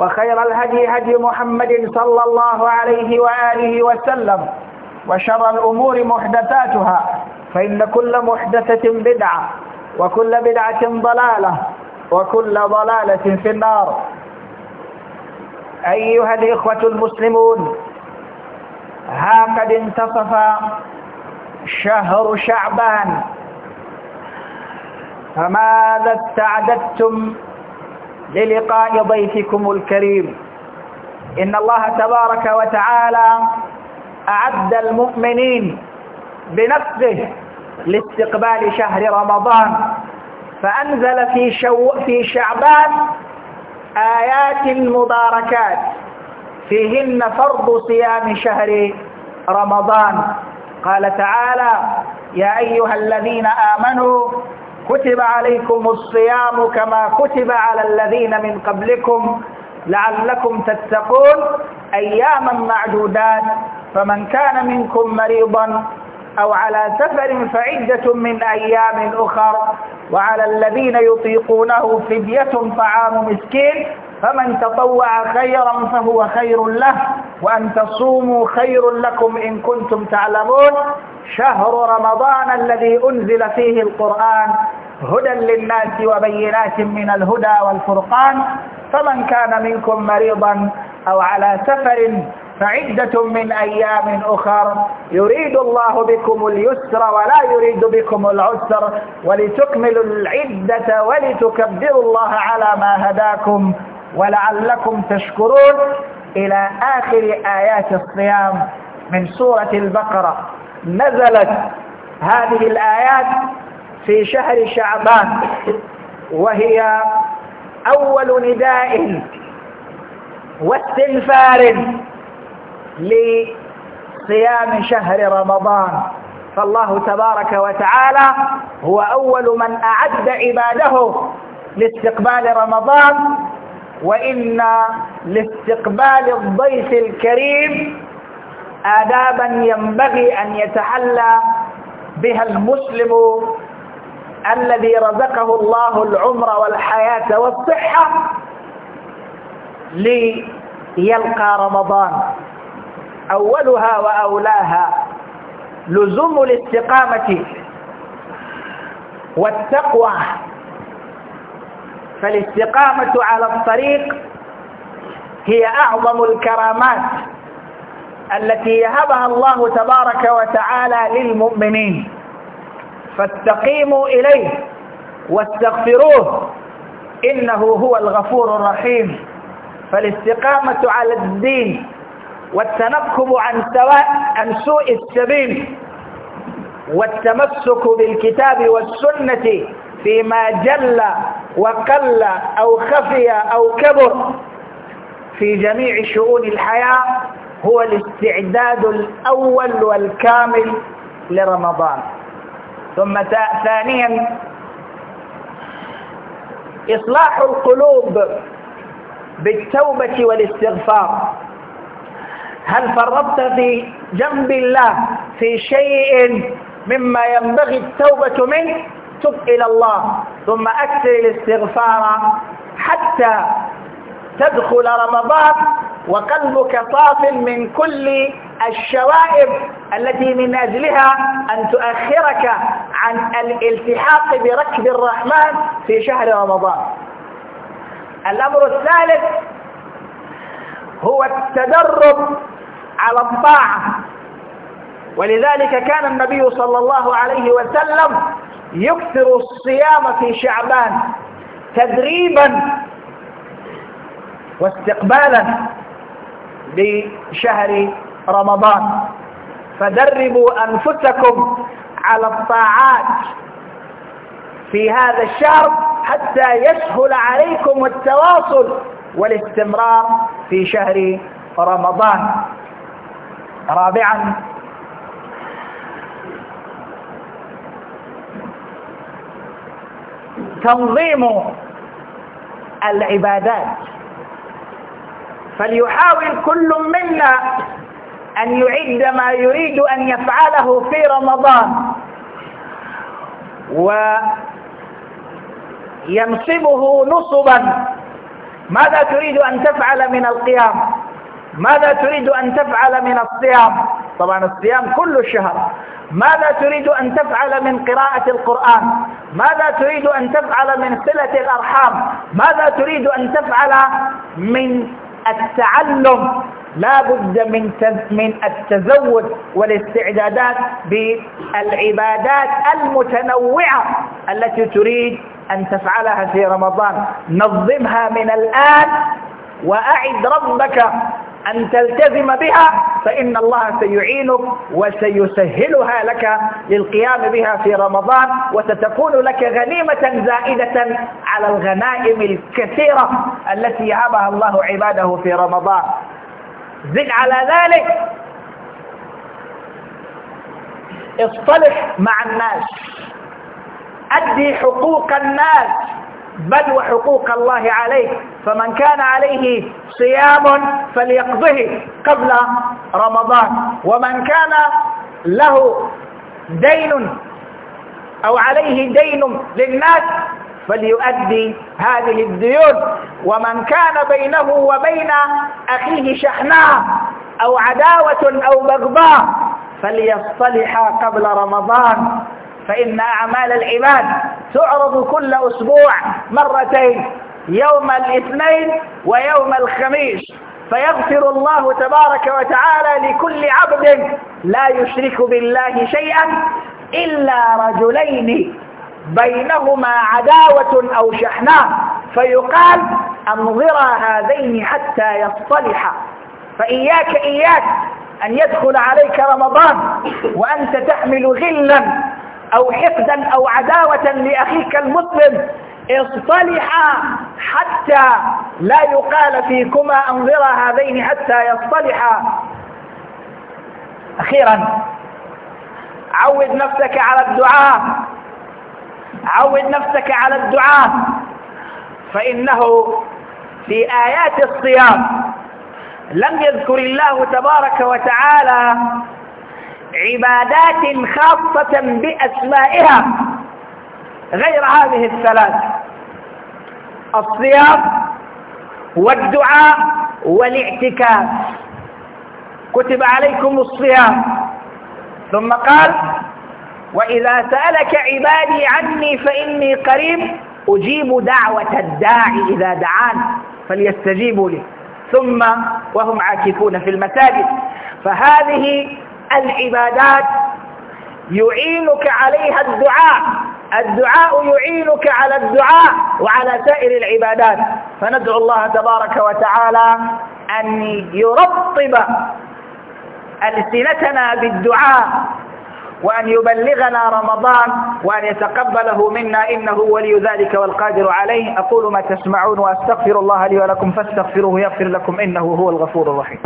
وخير الهدي هدي محمد صلى الله عليه وآله وسلم وشر الأمور محدثاتها فإن كل محدثة بدعة وكل بدعة ضلالة وكل ضلالة في النار أيها الإخوة المسلمون ها قد انتصف شهر شعبان فماذا استعددتم للقاء ضيفكم الكريم إن الله تبارك وتعالى أعد المؤمنين بنفسه لاستقبال شهر رمضان فأنزل في, شو في شعبان آيات مباركات فيهن فرض صيام شهر رمضان قال تعالى يا أيها الذين آمنوا كتب عليكم الصيام كما كتب على الذين من قبلكم لعلكم تتقون أياما معدودات فمن كان منكم مريضا أو على سفر فعدة من أيام أخر وعلى الذين يطيقونه فدية طعام مسكين فمن تطوع خيرا فهو خير له وأن تصوموا خير لكم إن كنتم تعلمون شهر رمضان الذي أنزل فيه القرآن هدى للناس وبينات من الهدى والفرقان فمن كان منكم مريضا أو على سفر فعدة من أيام أخر يريد الله بكم اليسر ولا يريد بكم العسر ولتكملوا العدة ولتكبروا الله على ما هداكم ولعلكم تشكرون إلى آخر آيات الصيام من سورة البقرة نزلت هذه الآيات في شهر شعبان وهي أول نداء واستنفار لصيام شهر رمضان فالله تبارك وتعالى هو أول من أعد عباده لاستقبال رمضان وإن لاستقبال الضيف الكريم آدابا ينبغي أن يتحلى بها المسلم الذي رزقه الله العمر والحياة والصحة ليلقى رمضان أولها وأولاها لزوم الاستقامة والتقوى فالاستقامة على الطريق هي أعظم الكرامات التي يهبها الله تبارك وتعالى للمؤمنين فاستقيموا إليه واستغفروه إنه هو الغفور الرحيم فالاستقامة على الدين والتنكب عن سواء عن سوء السبيل والتمسك بالكتاب والسنة فيما جل وقل أو خفي أو كبر في جميع شؤون الحياة هو الاستعداد الأول والكامل لرمضان ثم ثانيا إصلاح القلوب بالتوبة والاستغفار هل فرطت في جنب الله في شيء مما ينبغي التوبة منه تب إلى الله ثم أكثر الاستغفار حتى تدخل رمضان وقلبك صاف من كل الشوائب التي من أجلها أن تؤخرك عن الالتحاق بركب الرحمن في شهر رمضان الأمر الثالث هو التدرب على الطاعة ولذلك كان النبي صلى الله عليه وسلم يكثر الصيام في شعبان تدريبا واستقبالا لشهر رمضان فدربوا أنفسكم على الطاعات في هذا الشهر حتى يسهل عليكم التواصل والاستمرار في شهر رمضان رابعا تنظيم العبادات فليحاول كل منا أن يعد ما يريد أن يفعله في رمضان وينصبه نصبا ماذا تريد أن تفعل من القيام ماذا تريد أن تفعل من الصيام طبعا الصيام كل الشهر ماذا تريد أن تفعل من قراءة القرآن ماذا تريد أن تفعل من صلة الأرحام ماذا تريد أن تفعل من التعلم لا بد من من التزود والاستعدادات بالعبادات المتنوعة التي تريد أن تفعلها في رمضان نظمها من الآن وأعد ربك أن تلتزم بها فإن الله سيعينك وسيسهلها لك للقيام بها في رمضان وستكون لك غنيمة زائدة على الغنائم الكثيرة التي يهبها الله عباده في رمضان زد على ذلك اصطلح مع الناس أدي حقوق الناس بل وحقوق الله عليه فمن كان عليه صيام فليقضه قبل رمضان ومن كان له دين أو عليه دين للناس فليؤدي هذه الديون ومن كان بينه وبين أخيه شحناء أو عداوة أو بغضاء فليصطلح قبل رمضان فإن أعمال العباد تعرض كل أسبوع مرتين يوم الاثنين ويوم الخميس فيغفر الله تبارك وتعالى لكل عبد لا يشرك بالله شيئا إلا رجلين بينهما عداوة أو شحناء فيقال أنظرا هذين حتى يصطلحا فإياك إياك أن يدخل عليك رمضان وأنت تحمل غلا أو حقدا أو عداوة لأخيك المسلم اصطلحا حتى لا يقال فيكما أنظر هذين حتى يصطلحا أخيرا عود نفسك على الدعاء عود نفسك على الدعاء فإنه في آيات الصيام لم يذكر الله تبارك وتعالى عبادات خاصة بأسمائها غير هذه الثلاث الصيام والدعاء والاعتكاف كتب عليكم الصيام ثم قال وإذا سألك عبادي عني فإني قريب أجيب دعوة الداعي إذا دعان فليستجيبوا لي ثم وهم عاكفون في المساجد فهذه العبادات يعينك عليها الدعاء الدعاء يعينك على الدعاء وعلى سائر العبادات فندعو الله تبارك وتعالى أن يرطب ألسنتنا بالدعاء وأن يبلغنا رمضان وأن يتقبله منا إنه ولي ذلك والقادر عليه أقول ما تسمعون وأستغفر الله لي ولكم فاستغفروه يغفر لكم إنه هو الغفور الرحيم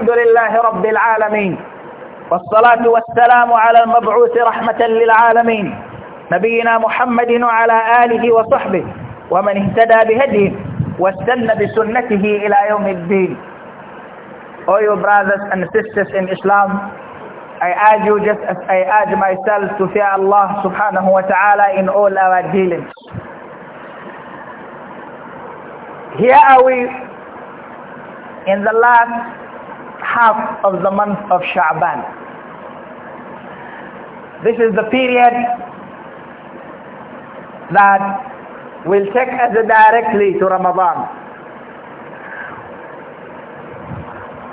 الحمد لله رب العالمين والصلاة والسلام على المبعوث رحمة للعالمين نبينا محمد وعلى آله وصحبه ومن اهتدى بهديه واستنى بسنته إلى يوم الدين All you brothers and sisters in Islam I urge you just as I urge myself to fear Allah subhanahu wa ta'ala in all our dealings. Here are we in the last half of the month of Sha'ban. This is the period that will take us directly to Ramadan.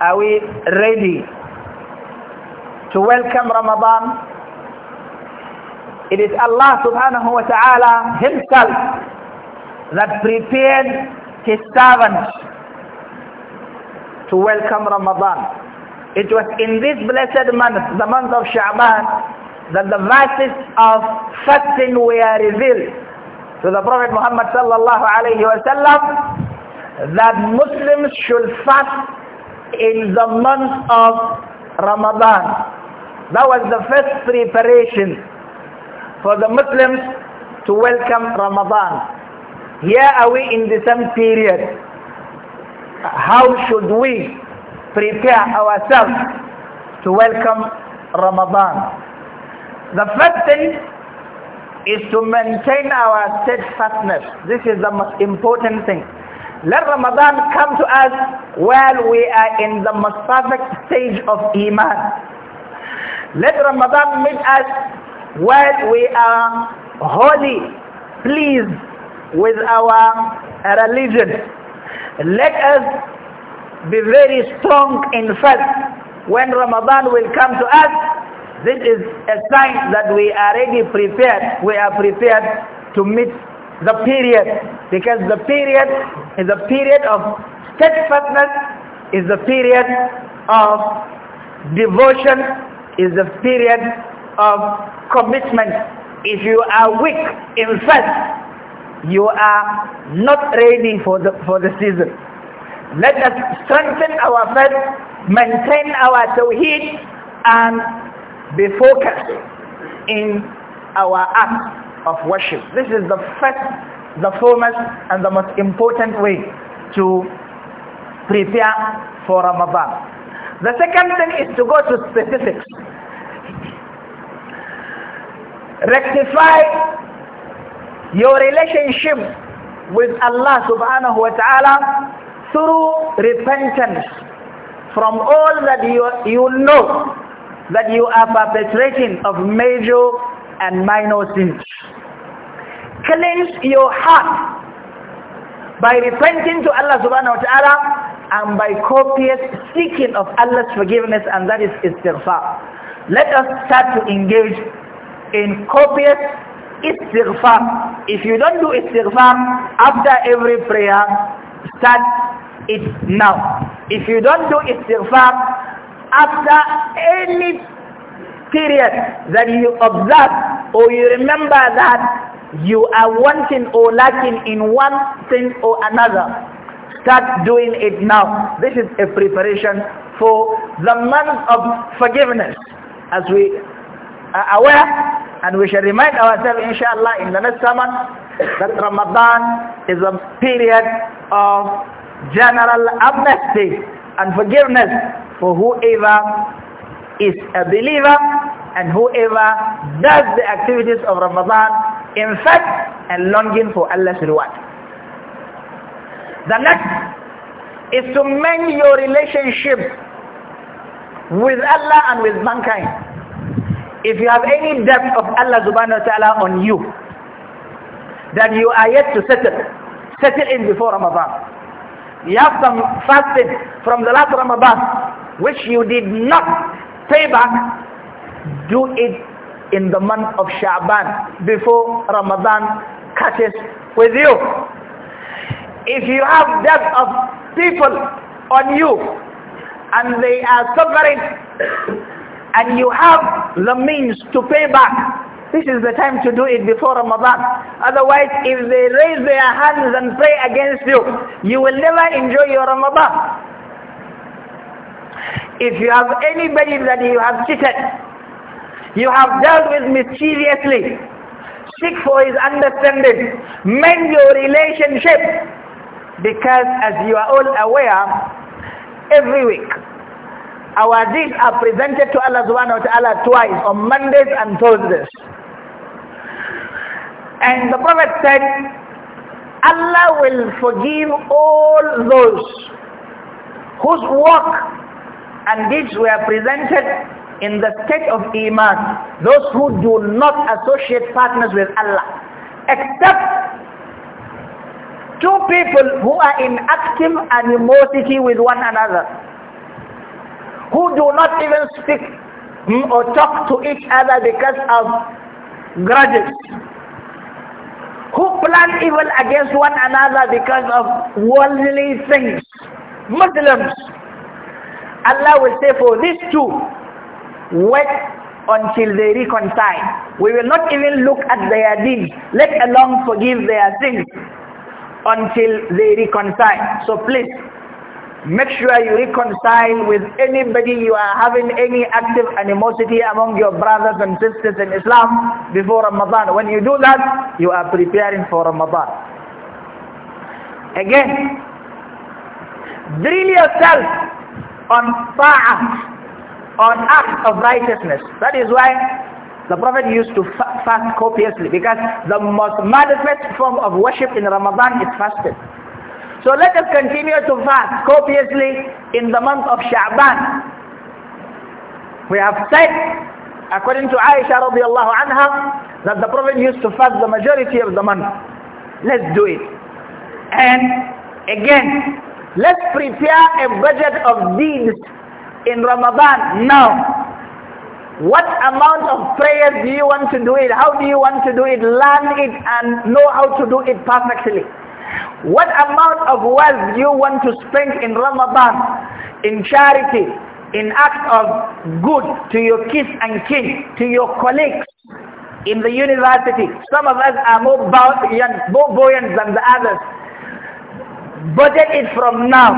Are we ready to welcome Ramadan? It is Allah subhanahu wa ta'ala himself that prepared his servants to welcome Ramadan. It was in this blessed month, the month of Sha'ban, that the verses of fasting were revealed to the Prophet Muhammad sallallahu alayhi wasallam that Muslims should fast in the month of Ramadan. That was the first preparation for the Muslims to welcome Ramadan. Here are we in the same period how should we prepare ourselves to welcome Ramadan? The first thing is to maintain our steadfastness. This is the most important thing. Let Ramadan come to us while we are in the most perfect stage of Iman. Let Ramadan meet us while we are holy, pleased with our religion. Let us be very strong in faith. When Ramadan will come to us, this is a sign that we are already prepared. We are prepared to meet the period. Because the period is a period of steadfastness, is a period of devotion, is a period of commitment. If you are weak in faith, you are not ready for the, for the season. Let us strengthen our faith, maintain our tawheed and be focused in our act of worship. This is the first, the foremost and the most important way to prepare for Ramadan. The second thing is to go to specifics. Rectify your relationship with Allah subhanahu wa ta'ala through repentance from all that you, you know that you are perpetrating of major and minor sins. Cleanse your heart by repenting to Allah subhanahu wa ta'ala and by copious seeking of Allah's forgiveness and that is istighfar. Let us start to engage in copious istighfar. If you don't do istighfar after every prayer, start it now. If you don't do istighfar after any period that you observe or you remember that you are wanting or lacking in one thing or another, start doing it now. This is a preparation for the month of forgiveness. As we are aware, and we shall remind ourselves, inshallah, in the next sermon, that Ramadan is a period of general amnesty and forgiveness for whoever is a believer and whoever does the activities of Ramadan in fact and longing for Allah's reward. The next is to mend your relationship with Allah and with mankind if you have any debt of Allah subhanahu wa ta'ala on you that you are yet to settle, settle in before Ramadan. You have some fasting from the last Ramadan which you did not pay back, do it in the month of Sha'ban before Ramadan catches with you. If you have debt of people on you and they are suffering and you have the means to pay back, this is the time to do it before Ramadan. Otherwise, if they raise their hands and pray against you, you will never enjoy your Ramadan. If you have anybody that you have cheated, you have dealt with mischievously, seek for his understanding, mend your relationship, because as you are all aware, every week our deeds are presented to Allah subhanahu wa ta'ala twice on Mondays and Thursdays. And the Prophet said, Allah will forgive all those whose work and deeds were presented in the state of Iman, those who do not associate partners with Allah, except two people who are in active animosity with one another do not even speak or talk to each other because of grudges. Who plan evil against one another because of worldly things. Muslims. Allah will say for these two, wait until they reconcile. We will not even look at their deeds, let alone forgive their sins until they reconcile. So please, Make sure you reconcile with anybody you are having any active animosity among your brothers and sisters in Islam before Ramadan. When you do that, you are preparing for Ramadan. Again, drill yourself on ta'ah, on acts of righteousness. That is why the Prophet used to fast copiously because the most manifest form of worship in Ramadan is fasting. So let us continue to fast copiously in the month of Sha'ban. We have said, according to Aisha radiallahu anha, that the Prophet used to fast the majority of the month. Let's do it. And again, let's prepare a budget of deeds in Ramadan now. What amount of prayers do you want to do it? How do you want to do it? Learn it and know how to do it perfectly. What amount of wealth you want to spend in Ramadan, in charity, in act of good to your kids and kin, to your colleagues in the university. Some of us are more buoyant, more buoyant than the others. Budget it from now.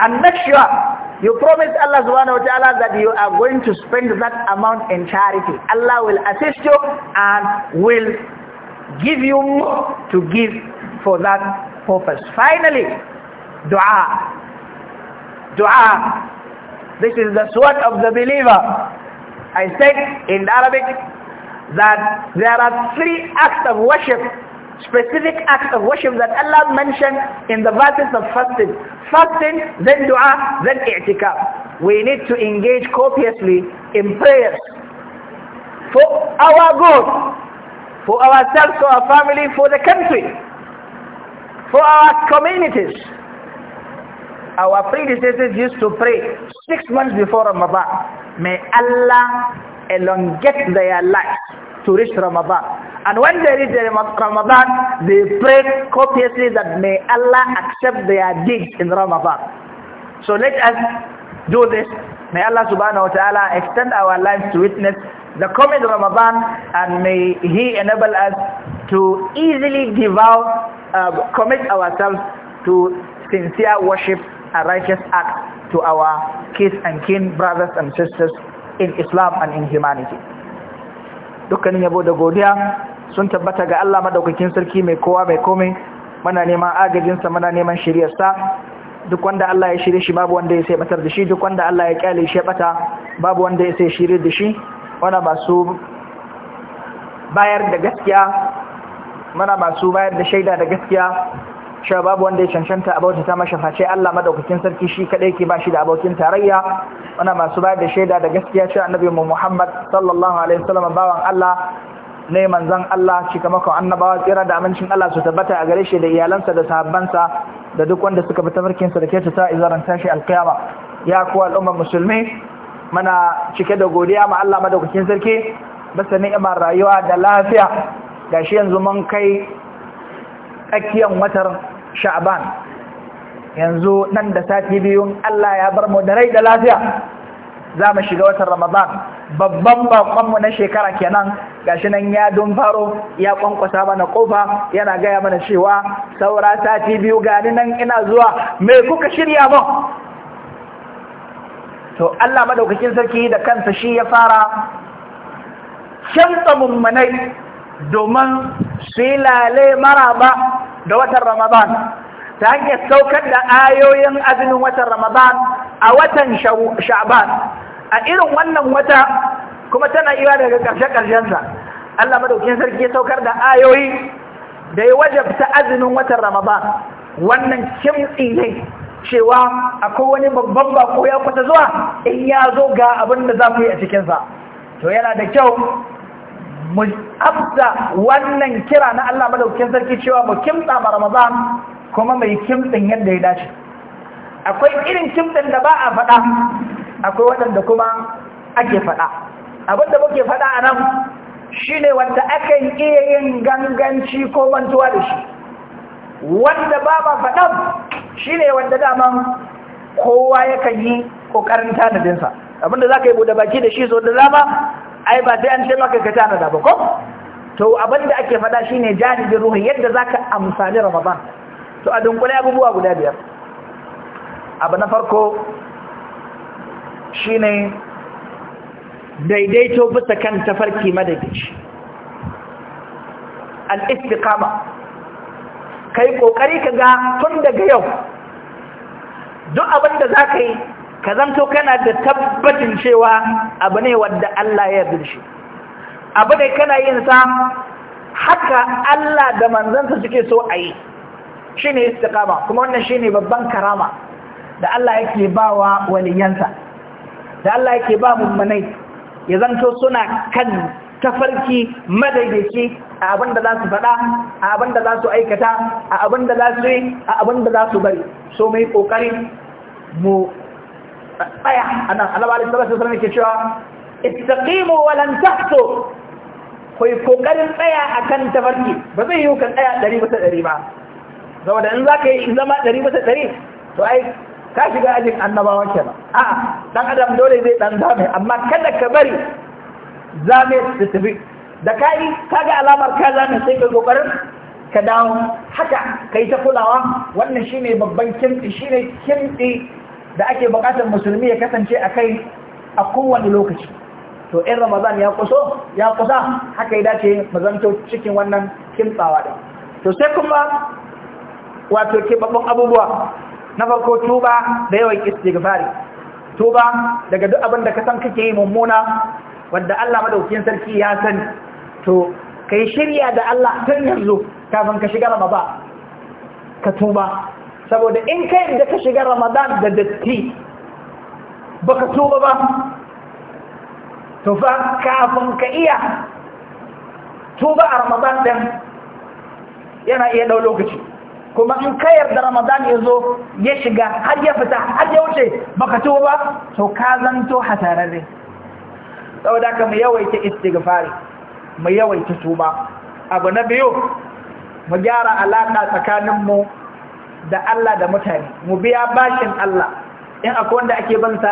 And make sure you promise Allah subhanahu wa ta'ala that you are going to spend that amount in charity. Allah will assist you and will give you more to give for that purpose. Finally, dua. Dua. This is the sword of the believer. I said in Arabic that there are three acts of worship, specific acts of worship that Allah mentioned in the verses of fasting. Fasting, then dua, then i'tikaf. We need to engage copiously in prayers for our good, for ourselves, for our family, for the country for our communities. Our predecessors used to pray six months before Ramadan. May Allah elongate their lives to reach Ramadan. And when they reach Ramadan, they pray copiously that may Allah accept their deeds in Ramadan. So let us do this. May Allah subhanahu wa ta'ala extend our lives to witness the coming Ramadan and may He enable us to easily devour uh, commit ourselves to sincere worship and righteous act to our kids and kin brothers and sisters in Islam and in humanity. Dukkanin yabo da godiya sun tabbata ga Allah madaukakin sarki mai kowa mai komai muna neman agajinsa muna neman shiryarsa duk wanda Allah ya shirye shi babu wanda ya sai batar da shi duk wanda Allah ya kyale shi ya bata babu wanda ya sai shirye da shi wanda masu bayar da gaskiya Mana masu bayar da shaida da gaskiya cewa babu wanda ya cancanta abauta ta masa face Allah madaukakin sarki shi kadai ke bashi da abokin tarayya mana masu bayar da shaida da gaskiya cewa annabi mu Muhammad sallallahu alaihi wasallam bawan Allah ne manzon Allah ko annabawa tsira da amincin Allah su tabbata a gare shi da iyalansa da sahabbansa da duk wanda suka fita tafarkin sa da ke ta izaran tashi alqiyama ya kuwa al'ummar musulmi mana cike da godiya ma Allah madaukakin sarki bisa ni'imar rayuwa da lafiya gashi yanzu mun kai tsakiyan watar sha'ban yanzu nan da sati biyun Allah ya bar mu da rai da lafiya za mu shiga watan ramadan babban bakonmu na shekara kenan gashi nan ya don faro ya kwankwasa mana kofa yana gaya mana cewa saura sati biyu gani nan ina zuwa me kuka shirya mun to Allah madaukakin sarki da kansa shi ya fara shanta mummunai domin silale maraba da watan ramadan ta hanyar saukar da ayoyin azumin watan ramadan a watan sha'ban a irin wannan wata kuma tana iya daga ƙarshe-ƙarshensa Allah madaukin sarki ya saukar da ayoyi da ya wajabta azumin watan ramadan wannan kimtsi ne cewa akwai wani babban bako ya kuta zuwa in ya zo ga abin da za ku yi a cikinsa to yana da kyau mu abda wannan kira na Allah madaukakin sarki cewa mu kimtsa ma Ramadan kuma mai kimtsin yadda ya dace akwai irin kimtsin da ba a faɗa akwai waɗanda kuma ake faɗa da muke faɗa a nan shine wanda aka iya yin ganganci ko mantuwa da shi wanda ba ba faɗa shine wanda daman kowa yakan yi ƙoƙarin tanadinsa abinda za ka yi buɗe baki da shi so da dama ai ba sai an ce maka ka tana da ba ko to abinda ake faɗa shine jaririn ruhi yadda zaka amsali ramadan to a dunkule abubuwa guda biyar abu na farko shine daidaito bisa kan tafarki madadici al-istiqama kai kokari kaga tun daga yau duk abinda zaka yi ka zanto kana da tabbacin cewa abu ne wadda Allah ya yarda abu ne kana yin sa haka Allah da manzansa suke so a yi shine istiqama kuma wannan ne babban karama da Allah yake bawa waliyansa da Allah yake ba manai, ya zanto suna kan tafarki madaidaici a abin da za su faɗa a abin da za su aikata a abin da za su yi a abin da za su bari so mai ƙoƙari mu tsaya anan annabi alaihi salatu wasallam yake cewa istaqimu wa lan tahtu ku yi kokarin tsaya akan tafarki ba zai yiwu ka tsaya 100 bisa 100 ba saboda in zaka yi zama 100 bisa 100 to ai ka shiga ajin annabawa kenan a dan adam dole zai dan zame amma kada ka bari zame su tafi da kai kaga alamar ka zame sai ka kokarin ka dawo haka kai ta kulawa wannan shine babban kimti shine kimti da ake bukatar musulmi ya kasance a kai a kowane lokaci to in ramadan ya kuso ya kusa haka ya dace mazanto cikin wannan kimtsawa din to sai kuma wato babban abubuwa na farko tuba da yawan istighfari tuba daga duk abin da ka san kake yi mummuna wanda Allah madaukakin sarki ya sani to kai shirya da Allah tun yanzu kafin ka shiga ramadan ka tuba saboda in kai da ka shiga ramadan da datti baka tuba ba to fa kafin ka iya tuba a ramadan din yana iya dau lokaci kuma in ka yarda ramadan ya zo ya shiga har ya fita har ya wuce baka tuba to ka zanto hasararre saboda ka mu yawaita istighfari mu yawaita tuba abu na biyu mu gyara alaka tsakaninmu da Allah da mutane mu biya bashin Allah in akwai wanda ake bansa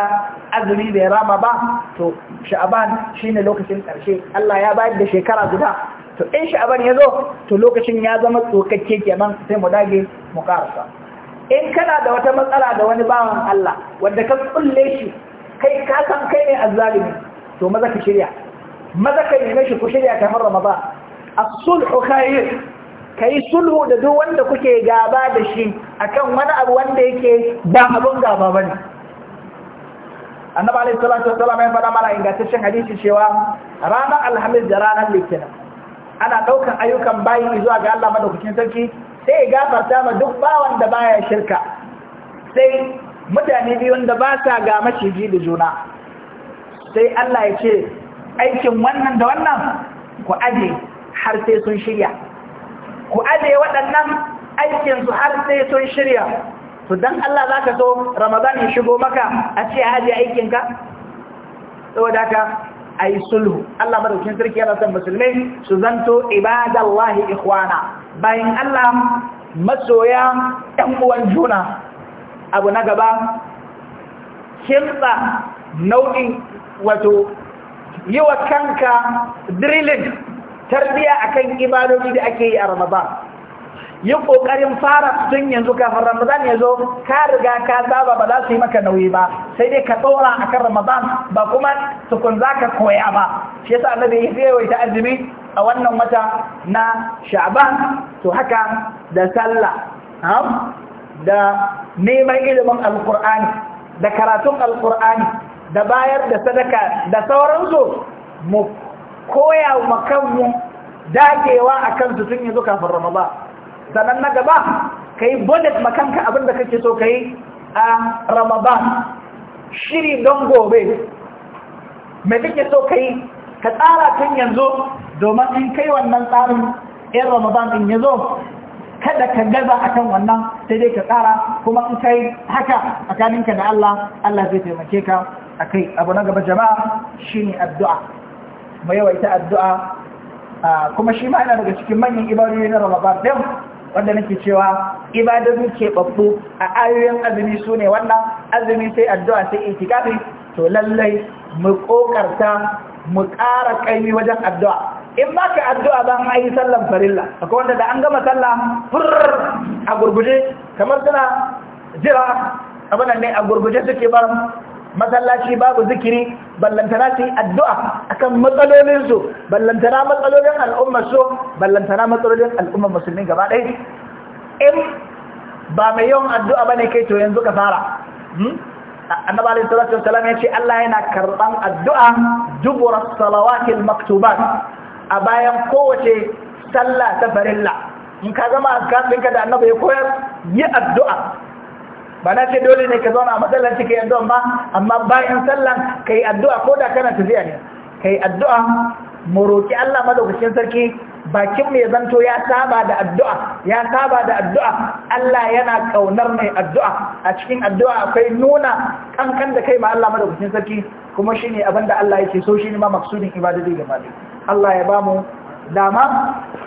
azumi bai rama ba to sha'aban shine lokacin karshe Allah ya bayar da shekara guda to in sha'aban ya zo to lokacin ya zama tsokakke kenan sai mu dage mu karasa in kana da wata matsala da wani bawan Allah wanda ka kulle shi kai ka san kai ne azzalimi to maza ka shirya maza ka neme shi ku shirya kamar Ramadan as-sulhu khair ka yi sulhu da duk wanda kuke gaba da shi akan wani abu wanda yake ba abun gaba ba ne annabi alaihi salatu wasallam ya faɗa mana ingantaccen hadisi cewa ranar alhamis da ranar litinin ana ɗaukar ayyukan bayi zuwa ga Allah madaukakin sarki sai ya gafarta ma duk bawan da baya shirka sai mutane biyu da ba sa ga maciji da juna sai Allah ya ce aikin wannan da wannan ku aje har sai sun shirya ku ajiye waɗannan aikinsu har sai sun shirya to dan Allah za ka so ramadan ya shigo maka a ce ajiye aikinka saboda ka a yi sulhu Allah madaukin sarki yana son musulmai su zanto ibadallahi ikhwana bayan Allah masoya ɗan uwan juna abu na gaba kinsa nau'in wato yi wa kanka drilling tarbiya akan ibadoji da ake yi a Ramadan yi kokarin fara tun yanzu kafin Ramadan ya zo ka riga ka saba ba za su yi maka nauyi ba sai dai ka tsora akan Ramadan ba kuma tukun ka koya ba shi yasa annabi ya yi ta azumi a wannan wata na Sha'ban to haka da sallah da neman ilimin alkur'ani da karatun alkur'ani da bayar da sadaka da sauransu mu koya ma kanmu dagewa a kansu tun yanzu kafin ramaba sanan na gaba ka yi budget makanka abin da kake so ka yi a ramadan shiri don gobe mai kake so ka yi ka tsara tun yanzu domin in kai wannan tsarin yan ramadan in ya kada ka gaza a kan wannan sai dai ka tsara kuma in kai haka tsakaninka da Allah Allah zai taimake ka a kai abu na gaba jama'a shi ne addu'a mu yawaita addu'a kuma shi ma yana daga cikin manyan ibadodi na Ramadan din wanda nake cewa ibadodi ke babbu a ayoyin azumi sune wannan azumi sai addu'a sai itikafi to lallai mu kokarta mu ƙara kaimi wajen addu'a in ba ka addu'a ba an yi sallan farilla akwai wanda da an gama sallah furr a gurguje kamar suna jira abinan ne a gurguje suke bar masallaci babu zikiri ballantana su yi addu'a akan matsalolinsu ballantana matsalolin al'ummar su ballantana matsalolin al'ummar musulmi gaba in ba mai yawan addu'a ba ne kai to yanzu ka fara hmm? annabi salatu wassalam ya ce Allah yana karɓan addu'a dubura salawatil maktubat a bayan kowace sallah ta farilla in ka zama azkar ɗinka da annabi ya koyar yi addu'a ba na ce dole ne ka zauna a matsalar ka yi addu'a ba amma bayan sallan ka yi addu'a ko da kana tafiya ne ka yi addu'a mu roƙi Allah madaukakin sarki bakin mu ya zanto ya saba da addu'a ya saba da addu'a Allah yana ƙaunar mai addu'a a cikin addu'a akwai nuna kankan da kai ma Allah madaukakin sarki kuma shine abin da Allah yake so shine ma maksudin ibadati mali Allah ya bamu dama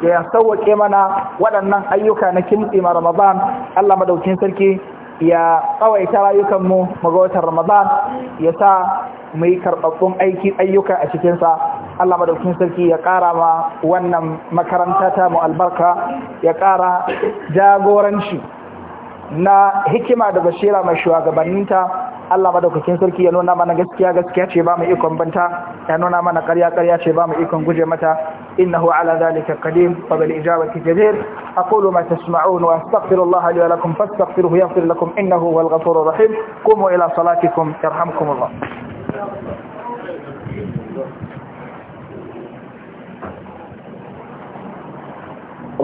ya sauwake mana waɗannan ayyuka na kimtsi ma Ramadan Allah madaukakin sarki ya tsawaita rayukanmu maga watan ramadan ya sa mu yi karɓaɓɓun ayyuka a cikinsa allah madaukin sarki ya ƙara ma wannan makaranta ta mu albarka ya ƙara jagoranci na hikima da bashira mai shugabanninta Allah madaukakin sarki ya nuna mana gaskiya gaskiya ce ba mu iko banta ya nuna mana ƙarya ƙarya ce ba mu iko guje mata innahu ala zalika qadim wa bil ijabati jadir aqulu ma tasma'un wa astaghfirullaha li wa lakum fastaghfiruhu yaghfir lakum innahu wal ghafurur rahim qumu ila salatikum yarhamkumullah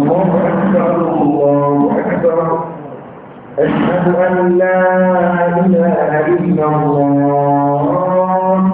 الله أكبر الله أكبر أشهد أن لا إله إلا الله